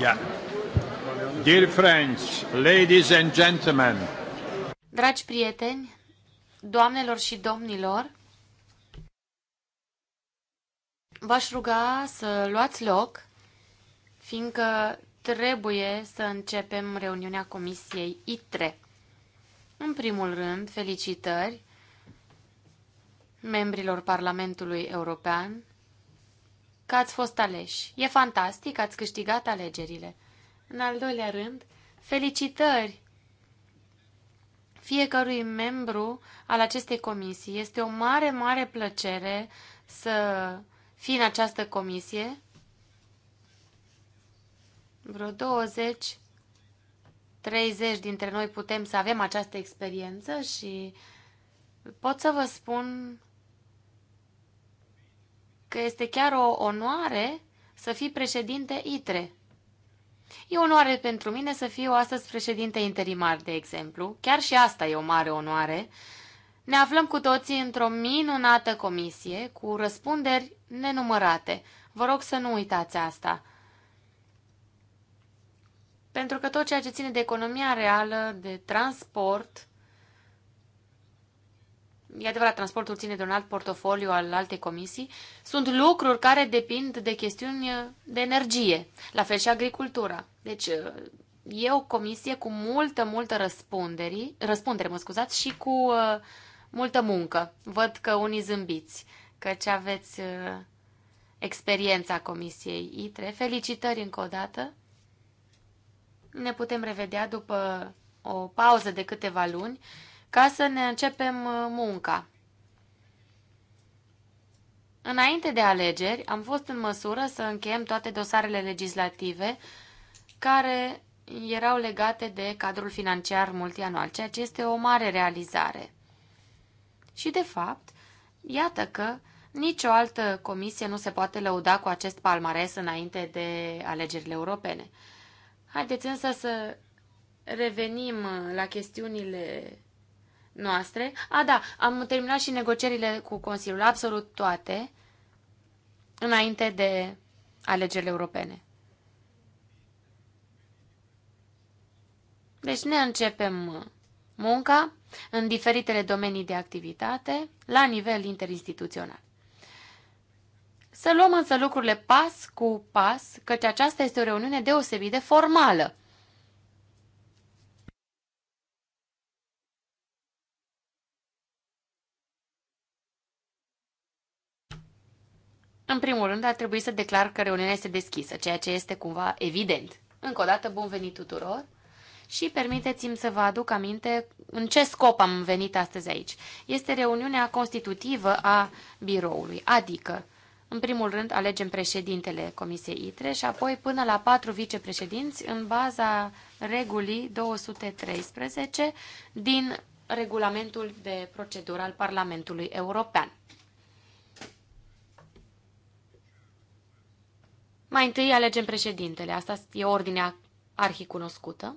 Yeah. Dear friends, ladies and gentlemen. Dragi prieteni, doamnelor și domnilor, v-aș ruga să luați loc, fiindcă trebuie să începem reuniunea Comisiei I3. În primul rând, felicitări membrilor Parlamentului European că ați fost aleși. E fantastic, ați câștigat alegerile. În al doilea rând, felicitări fiecărui membru al acestei comisii. Este o mare, mare plăcere să fii în această comisie. Vreo 20 30 dintre noi putem să avem această experiență și pot să vă spun că este chiar o onoare să fii președinte ITRE. E onoare pentru mine să fiu astăzi președinte interimar, de exemplu. Chiar și asta e o mare onoare. Ne aflăm cu toții într-o minunată comisie cu răspunderi nenumărate. Vă rog să nu uitați asta. Pentru că tot ceea ce ține de economia reală, de transport, E adevărat, transportul ține de un alt portofoliu al altei comisii. Sunt lucruri care depind de chestiuni de energie, la fel și agricultura. Deci e o comisie cu multă, multă răspundere, răspundere mă scuzați, și cu uh, multă muncă. Văd că unii zâmbiți, ce aveți uh, experiența comisiei ITRE. Felicitări încă o dată. Ne putem revedea după o pauză de câteva luni ca să ne începem uh, munca. Înainte de alegeri, am fost în măsură să încheiem toate dosarele legislative care erau legate de cadrul financiar multianual, ceea ce este o mare realizare. Și, de fapt, iată că nicio altă comisie nu se poate lăuda cu acest palmares înainte de alegerile europene. Haideți însă să revenim la chestiunile noastre. A, da, am terminat și negocierile cu Consiliul, absolut toate, înainte de alegerile europene. Deci ne începem munca în diferitele domenii de activitate la nivel interinstituțional. Să luăm însă lucrurile pas cu pas, căci aceasta este o reuniune deosebit de formală. În primul rând, ar trebui să declar că reuniunea este deschisă, ceea ce este cumva evident. Încă o dată, bun venit tuturor și permiteți-mi să vă aduc aminte în ce scop am venit astăzi aici. Este reuniunea constitutivă a biroului, adică în primul rând, alegem președintele Comisiei ITRE și apoi până la patru vicepreședinți în baza regulii 213 din regulamentul de procedură al Parlamentului European. Mai întâi alegem președintele, asta e ordinea arhicunoscută.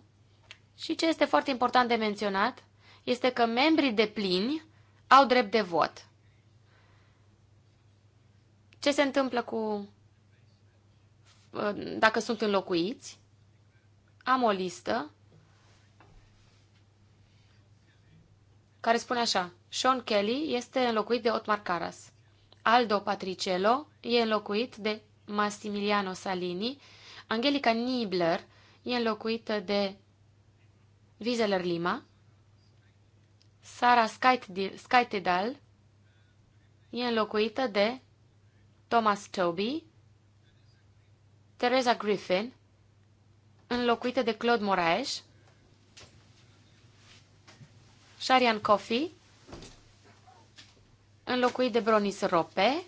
Și ce este foarte important de menționat este că membrii de plini au drept de vot. Ce se întâmplă cu uh, dacă sunt înlocuiți? Am o listă care spune așa. Sean Kelly este înlocuit de Otmar Caras. Aldo Patricello e înlocuit de Massimiliano Salini, Angelica Nibler e înlocuită de Wieseler Lima, Sara Skaitedal e înlocuită de Thomas Toby, Teresa Griffin, înlocuită de Claude Moraes, Sharian Coffey, înlocuit de Bronis Rope,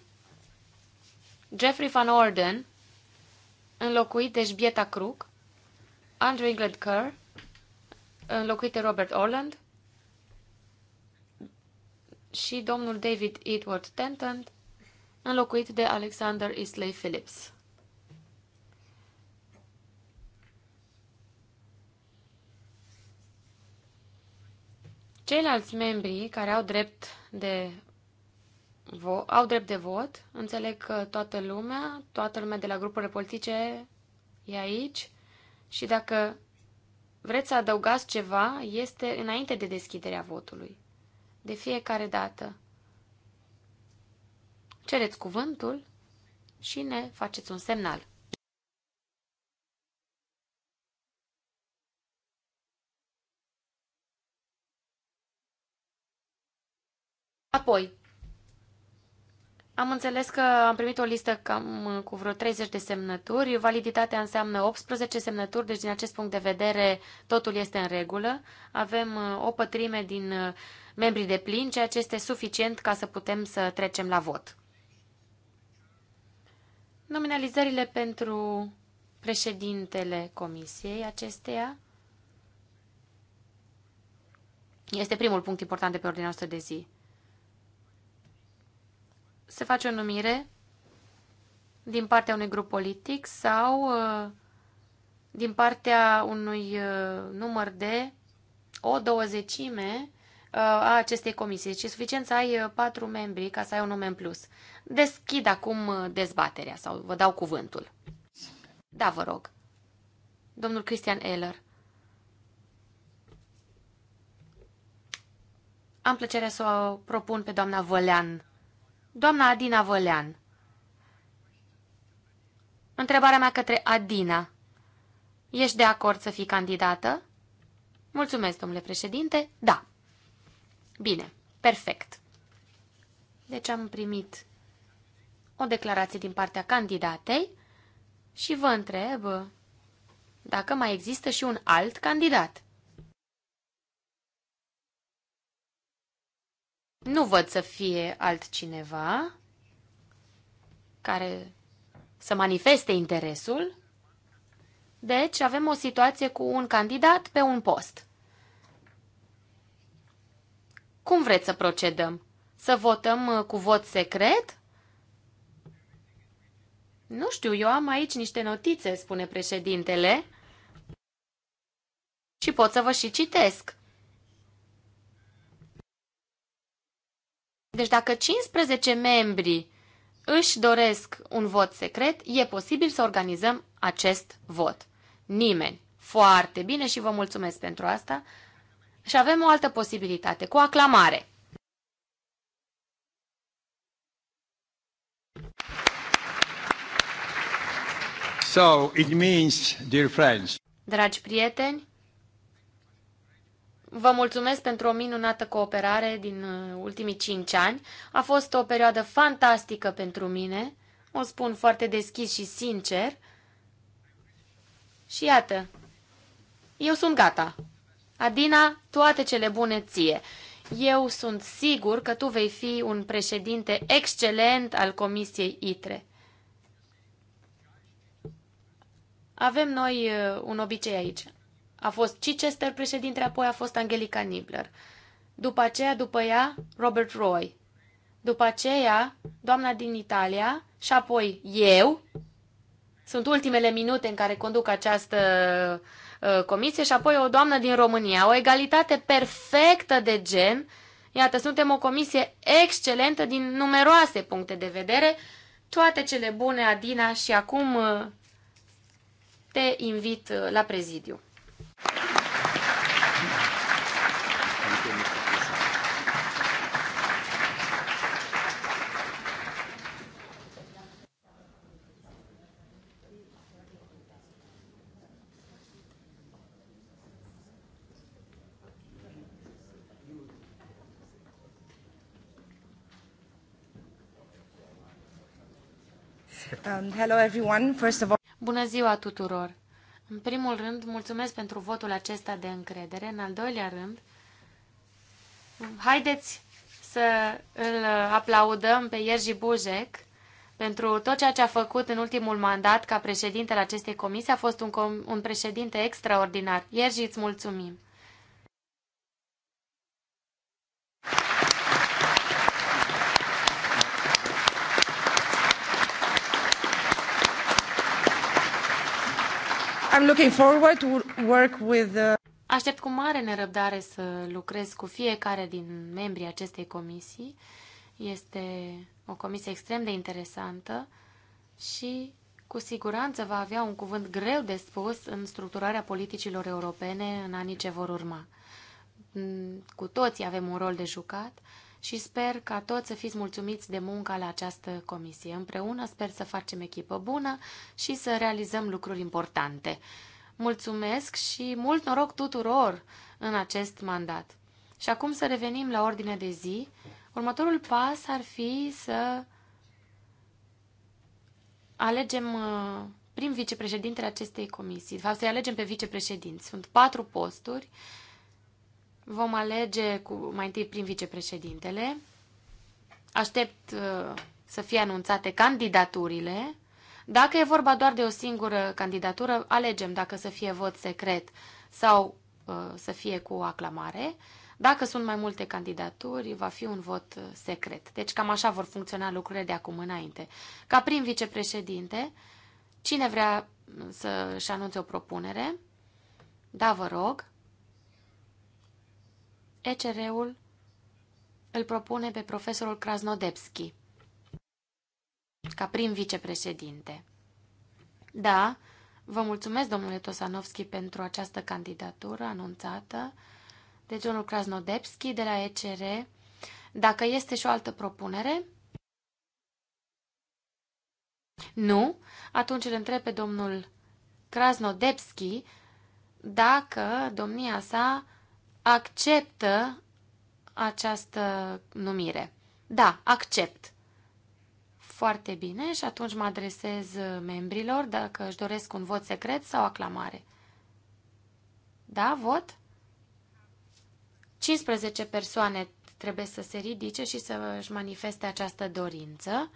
Jeffrey Van Orden, înlocuit de Jbieta Crook, Andrew England Kerr, înlocuit de Robert Orland și domnul David Edward Tenton, înlocuit de Alexander Isley Phillips. Ceilalți membri care au drept de vo- au drept de vot. Înțeleg că toată lumea, toată lumea de la grupurile politice e aici și dacă vreți să adăugați ceva, este înainte de deschiderea votului. De fiecare dată. Cereți cuvântul și ne faceți un semnal. Apoi, am înțeles că am primit o listă cam uh, cu vreo 30 de semnături. Validitatea înseamnă 18 semnături, deci din acest punct de vedere totul este în regulă. Avem uh, o pătrime din uh, membrii de plin, ceea ce este suficient ca să putem să trecem la vot. Nominalizările pentru președintele comisiei acesteia este primul punct important de pe ordinea noastră de zi se face o numire din partea unui grup politic sau uh, din partea unui uh, număr de o douăzecime uh, a acestei comisii. Deci e suficient să ai patru membri ca să ai un nume în plus. Deschid acum dezbaterea sau vă dau cuvântul. Da, vă rog. Domnul Cristian Eller. Am plăcerea să o propun pe doamna Vălean Doamna Adina Vălean. Întrebarea mea către Adina. Ești de acord să fii candidată? Mulțumesc, domnule președinte. Da. Bine, perfect. Deci am primit o declarație din partea candidatei și vă întreb dacă mai există și un alt candidat. Nu văd să fie altcineva care să manifeste interesul. Deci avem o situație cu un candidat pe un post. Cum vreți să procedăm? Să votăm uh, cu vot secret? Nu știu, eu am aici niște notițe, spune președintele, și pot să vă și citesc. Deci dacă 15 membri își doresc un vot secret, e posibil să organizăm acest vot. Nimeni. Foarte bine și vă mulțumesc pentru asta. Și avem o altă posibilitate, cu aclamare. So, it means, dear friends, Dragi prieteni, Vă mulțumesc pentru o minunată cooperare din uh, ultimii cinci ani. A fost o perioadă fantastică pentru mine, o spun foarte deschis și sincer. Și iată, eu sunt gata. Adina, toate cele bune ție. Eu sunt sigur că tu vei fi un președinte excelent al Comisiei ITRE. Avem noi uh, un obicei aici a fost Chichester președinte, apoi a fost Angelica Nibler. După aceea, după ea, Robert Roy. După aceea, doamna din Italia și apoi eu. Sunt ultimele minute în care conduc această uh, comisie și apoi o doamnă din România. O egalitate perfectă de gen. Iată, suntem o comisie excelentă din numeroase puncte de vedere. Toate cele bune, Adina, și acum uh, te invit ă, la prezidiu. Um, Bună ziua tuturor! În primul rând, mulțumesc pentru votul acesta de încredere. În al doilea rând, haideți să îl aplaudăm pe Ierji Bujec pentru tot ceea ce a făcut în ultimul mandat ca președinte al acestei comisii. A fost un, com- un președinte extraordinar. Ierji, îți mulțumim! I'm looking forward to work with the... Uh, Aștept cu mare nerăbdare să lucrez cu fiecare din membrii acestei comisii. Este o comisie extrem de interesantă și cu siguranță va avea un cuvânt greu de spus în structurarea politicilor europene în anii ce vor urma. Cu toții avem un rol de jucat și sper ca toți să fiți mulțumiți de munca la această comisie. Împreună sper să facem echipă bună și să realizăm lucruri importante. Mulțumesc și mult noroc tuturor în acest mandat. Și acum să revenim la ordinea de zi. Următorul pas ar fi să alegem uh, prim vicepreședintele acestei comisii. De fapt, să-i alegem pe vicepreședinți. Sunt patru posturi Vom alege cu, mai întâi prin vicepreședintele. Aștept uh, să fie anunțate candidaturile. Dacă e vorba doar de o singură candidatură, alegem dacă să fie vot secret sau uh, să fie cu aclamare. Dacă sunt mai multe candidaturi, va fi un vot uh, secret. Deci cam așa vor funcționa lucrurile de acum înainte. Ca prim vicepreședinte, cine vrea uh, să-și anunțe o propunere, da, vă rog. ECR-ul îl propune pe profesorul Krasnodebski ca prim vicepreședinte. Da, vă mulțumesc, domnule Tosanovski, pentru această candidatură anunțată de domnul Krasnodebski de la ECR. Dacă este și o altă propunere? Nu? Atunci îl întreb pe domnul Krasnodebski dacă domnia sa acceptă această numire. Da, accept. Foarte bine și atunci mă adresez membrilor dacă își doresc un vot secret sau aclamare. Da, vot? 15 persoane trebuie să se ridice și să își manifeste această dorință.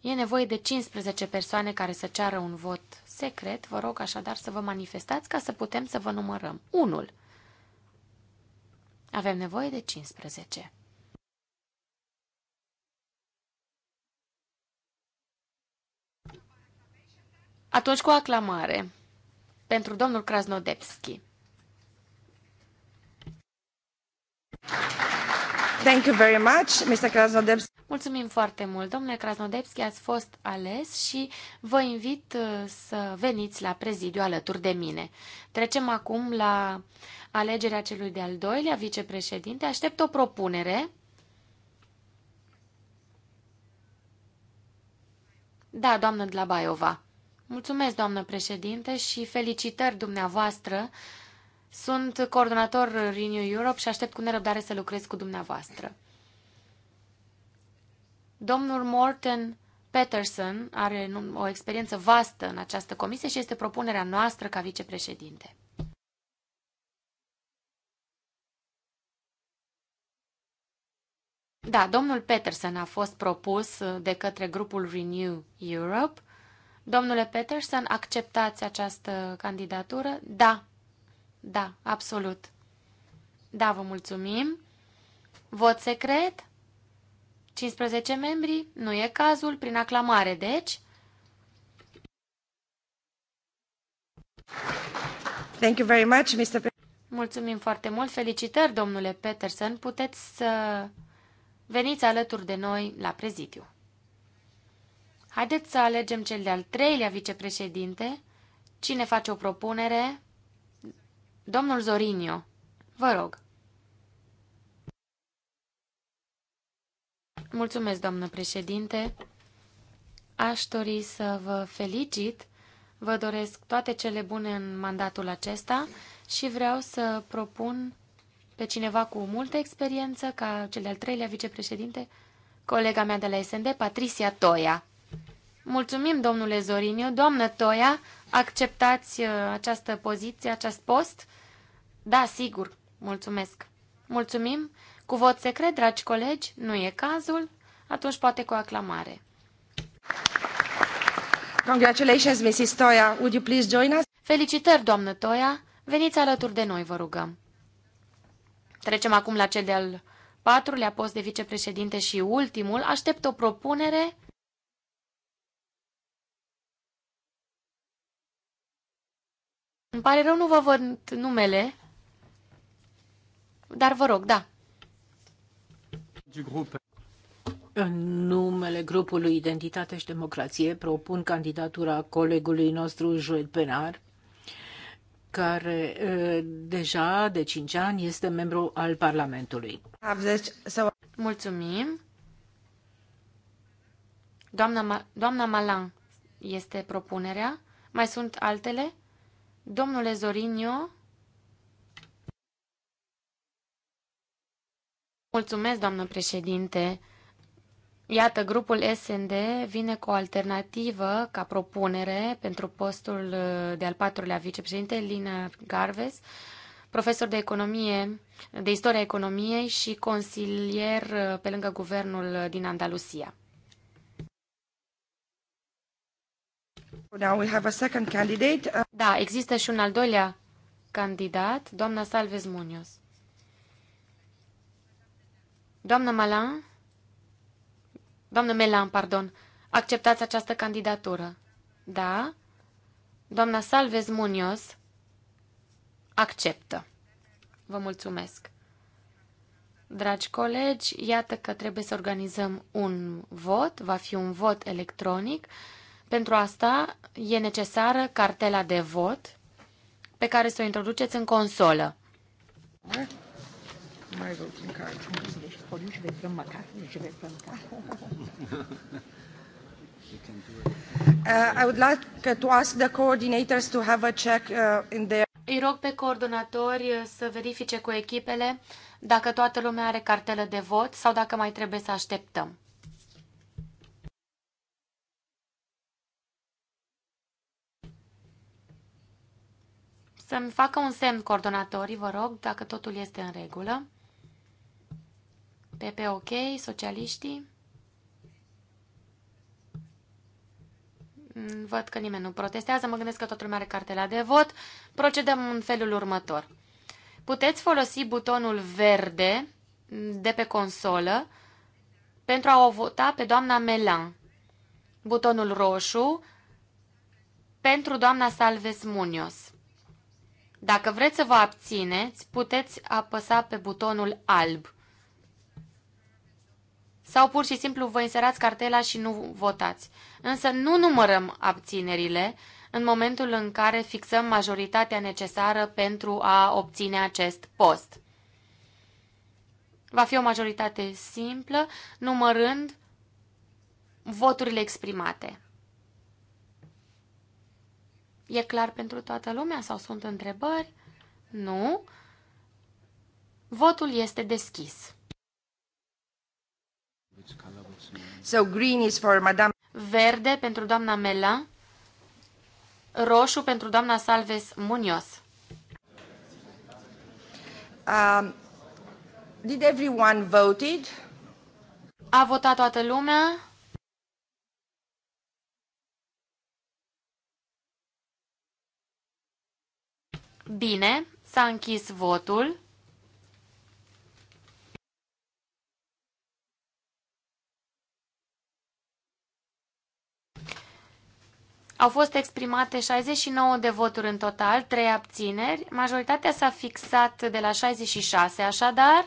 E nevoie de 15 persoane care să ceară un vot secret. Vă rog așadar să vă manifestați ca să putem să vă numărăm. Unul. Avem nevoie de 15. Atunci cu aclamare pentru domnul Krasnodepski. Mulțumim foarte mult. Domnule Krasnodebski, ați fost ales și vă invit uh, să veniți la prezidiu alături de mine. Trecem acum la alegerea celui de-al doilea vicepreședinte. Aștept o propunere. Da, doamnă Dlabaiova. Mulțumesc, doamnă președinte, și felicitări dumneavoastră sunt coordonator Renew Europe și aștept cu nerăbdare să lucrez cu dumneavoastră. Domnul Morten Peterson are o experiență vastă în această comisie și este propunerea noastră ca vicepreședinte. Da, domnul Peterson a fost propus de către grupul Renew Europe. Domnule Peterson, acceptați această candidatură? Da, da, absolut. Da, vă mulțumim. Vot secret? 15 membri? Nu e cazul, prin aclamare, deci. Thank you very much, Mr. Mulțumim foarte mult. Felicitări, domnule Peterson. Puteți să veniți alături de noi la prezidiu. Haideți să alegem cel de-al treilea vicepreședinte. Cine face o propunere? Domnul Zorinio, vă rog. Mulțumesc, doamnă președinte. Aș dori să vă felicit. Vă doresc toate cele bune în mandatul acesta și vreau să propun pe cineva cu multă experiență ca cel de-al treilea vicepreședinte, colega mea de la SND, Patricia Toia. Mulțumim, domnule Zoriniu. Doamnă Toia, acceptați uh, această poziție, acest post? Da, sigur. Mulțumesc. Mulțumim. Cu vot secret, dragi colegi, nu e cazul, atunci poate cu aclamare. Congratulations, Mrs. Toia. Would you please join us? Felicitări, doamnă Toia. Veniți alături de noi, vă rugăm. Trecem acum la cel de-al patrulea post de vicepreședinte și ultimul. Aștept o propunere Îmi pare rău, nu vă văd numele, dar vă rog, da. În numele grupului Identitate și Democrație propun candidatura colegului nostru Joel Penar, care deja de 5 ani este membru al Parlamentului. Mulțumim. Doamna, Ma- doamna Malan este propunerea. Mai sunt altele? Domnule Zorinio, mulțumesc, doamnă președinte. Iată, grupul SND vine cu o alternativă ca propunere pentru postul de al patrulea vicepreședinte, Lina Garves, profesor de economie, de istoria economiei și consilier pe lângă guvernul din Andalusia. Uh, da, există și un al doilea candidat, doamna Salvez Munoz. Doamna Malan, doamna Melan, pardon, acceptați această candidatură? Da. Doamna Salvez Munoz acceptă. Vă mulțumesc. Dragi colegi, iată că trebuie să organizăm un vot, va fi un vot electronic. Pentru asta e necesară cartela de vot pe care să o introduceți în consolă. Uh, I would like to ask the coordinators to have a check uh, in their... Îi rog pe coordonatori uh, să verifice cu echipele dacă toată lumea are cartelă de vot sau dacă mai trebuie să așteptăm. Să-mi facă un semn coordonatorii, vă rog, dacă totul este în regulă. PP ok, socialiștii. Mm, văd că nimeni nu protestează, mă gândesc că toată lumea are cartela de vot. Procedăm în felul următor. Puteți folosi butonul verde de pe consolă pentru a o vota pe doamna Melan. Butonul roșu pentru doamna Salves Munios. Dacă vreți să vă abțineți, puteți apăsa pe butonul alb. Sau pur și simplu vă inserați cartela și nu votați. Însă nu numărăm abținerile în momentul în care fixăm majoritatea necesară pentru a obține acest post. Va fi o majoritate simplă, numărând voturile exprimate. E clar pentru toată lumea sau sunt întrebări? Nu. Votul este deschis. So green is for Madame... Verde pentru doamna Mela. Roșu pentru doamna Salves Munoz. Um, did everyone voted? A votat toată lumea? Bine, s-a închis votul. Au fost exprimate 69 de voturi în total, 3 abțineri. Majoritatea s-a fixat de la 66, așadar,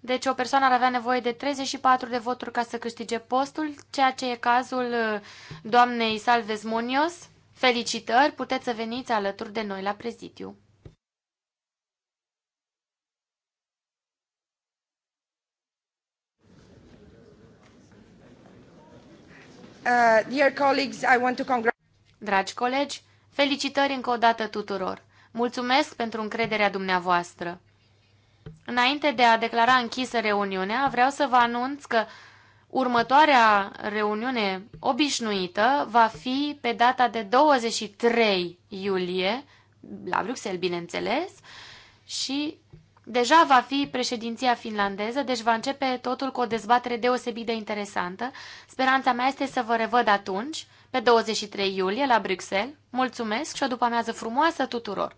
deci o persoană ar avea nevoie de 34 de voturi ca să câștige postul, ceea ce e cazul uh, doamnei Salves Munios. Felicitări, puteți să veniți alături de noi la prezidiu. Uh, dear colleagues, I want to Dragi colegi, felicitări încă o dată tuturor. Mulțumesc pentru încrederea dumneavoastră. Înainte de a declara închisă reuniunea, vreau să vă anunț că Următoarea reuniune obișnuită va fi pe data de 23 iulie, la Bruxelles, bineînțeles, și deja va fi președinția finlandeză, deci va începe totul cu o dezbatere deosebit de interesantă. Speranța mea este să vă revăd atunci, pe 23 iulie, la Bruxelles. Mulțumesc și o după amează frumoasă tuturor!